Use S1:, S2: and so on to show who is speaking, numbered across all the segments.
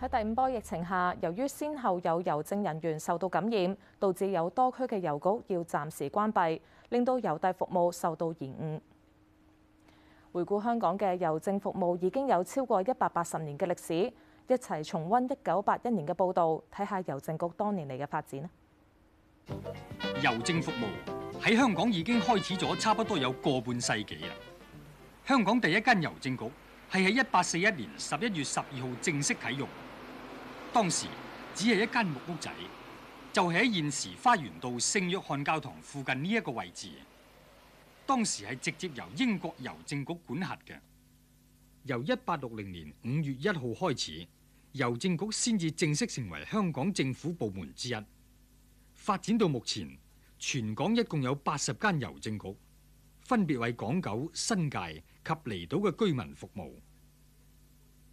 S1: 喺第五波疫情下，由於先後有郵政人員受到感染，導致有多區嘅郵局要暫時關閉，令到郵遞服務受到延誤。回顧香港嘅郵政服務已經有超過一百八十年嘅歷史，一齊重溫一九八一年嘅報導，睇下郵政局多年嚟嘅發展。
S2: 郵政服務喺香港已經開始咗差不多有個半世紀啦。香港第一間郵政局係喺一八四一年十一月十二號正式啟用。當時只係一間木屋仔，就係喺現時花園道聖約翰教堂附近呢一個位置。當時係直接由英國郵政局管轄嘅，由一八六零年五月一號開始，郵政局先至正式成為香港政府部門之一。發展到目前，全港一共有八十間郵政局，分別為港九、新界及離島嘅居民服務。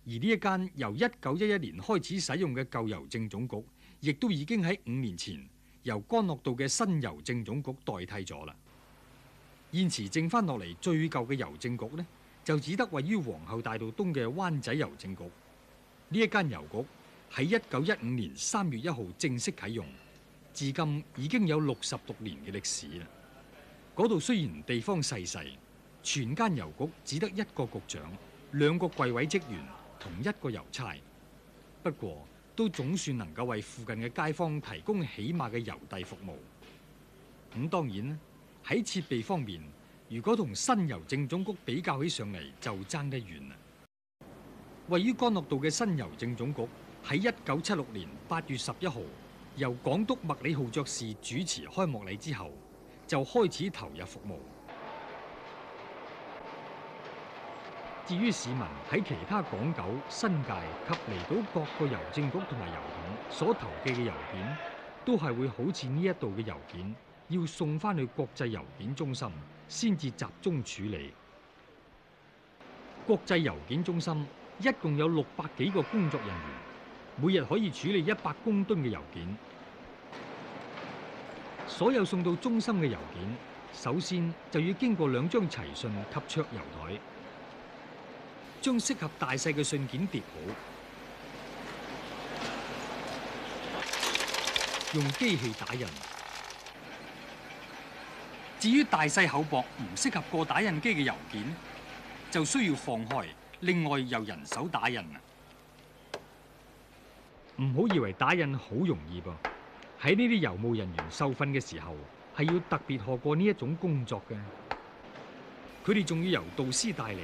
S2: 而呢一間由一九一一年開始使用嘅舊郵政總局，亦都已經喺五年前由干諾道嘅新郵政總局代替咗啦。現時剩翻落嚟最舊嘅郵政局呢，就只得位於皇后大道東嘅灣仔郵政局。呢一間郵局喺一九一五年三月一號正式啟用，至今已經有六十六年嘅歷史啦。嗰度雖然地方細細，全間郵局只得一個局長、兩個櫃位職員。同一個郵差，不過都總算能夠為附近嘅街坊提供起碼嘅郵遞服務。咁、嗯、當然，喺設備方面，如果同新郵政總局比較起上嚟，就爭得遠啦。位於康樂道嘅新郵政總局喺一九七六年八月十一號由港督麥理浩爵士主持開幕禮之後，就開始投入服務。至於市民喺其他港九新界及離島各個郵政局同埋郵筒所投寄嘅郵件，都係會好似呢一度嘅郵件，要送翻去國際郵件中心先至集中處理。國際郵件中心一共有六百幾個工作人員，每日可以處理一百公噸嘅郵件。所有送到中心嘅郵件，首先就要經過兩張齊信及桌郵台。將適合大細嘅信件疊好，用機器打印。至於大細厚薄唔適合過打印機嘅郵件，就需要放開另外由人手打印。唔好以為打印好容易噃，喺呢啲郵務人員受訓嘅時候，係要特別學過呢一種工作嘅。佢哋仲要由導師帶領。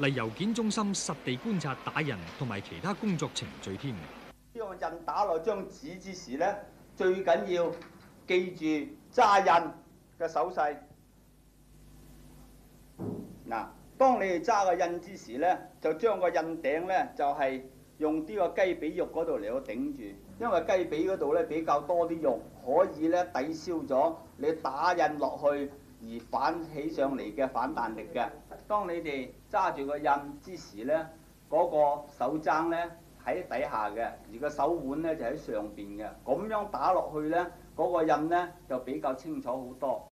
S2: 嚟郵件中心實地觀察打印同埋其他工作程序添。呢
S3: 個印打落張紙之時咧，最緊要記住揸印嘅手勢。嗱，當你哋揸個印之時咧，就將個印頂咧就係用啲個雞髀肉嗰度嚟到頂住，因為雞髀嗰度咧比較多啲肉，可以咧抵消咗你打印落去而反起上嚟嘅反彈力嘅。當你哋揸住個印之時呢，嗰個手踭呢喺底下嘅，而個手腕呢就喺上邊嘅，咁樣打落去呢，嗰個印呢就比較清楚好多。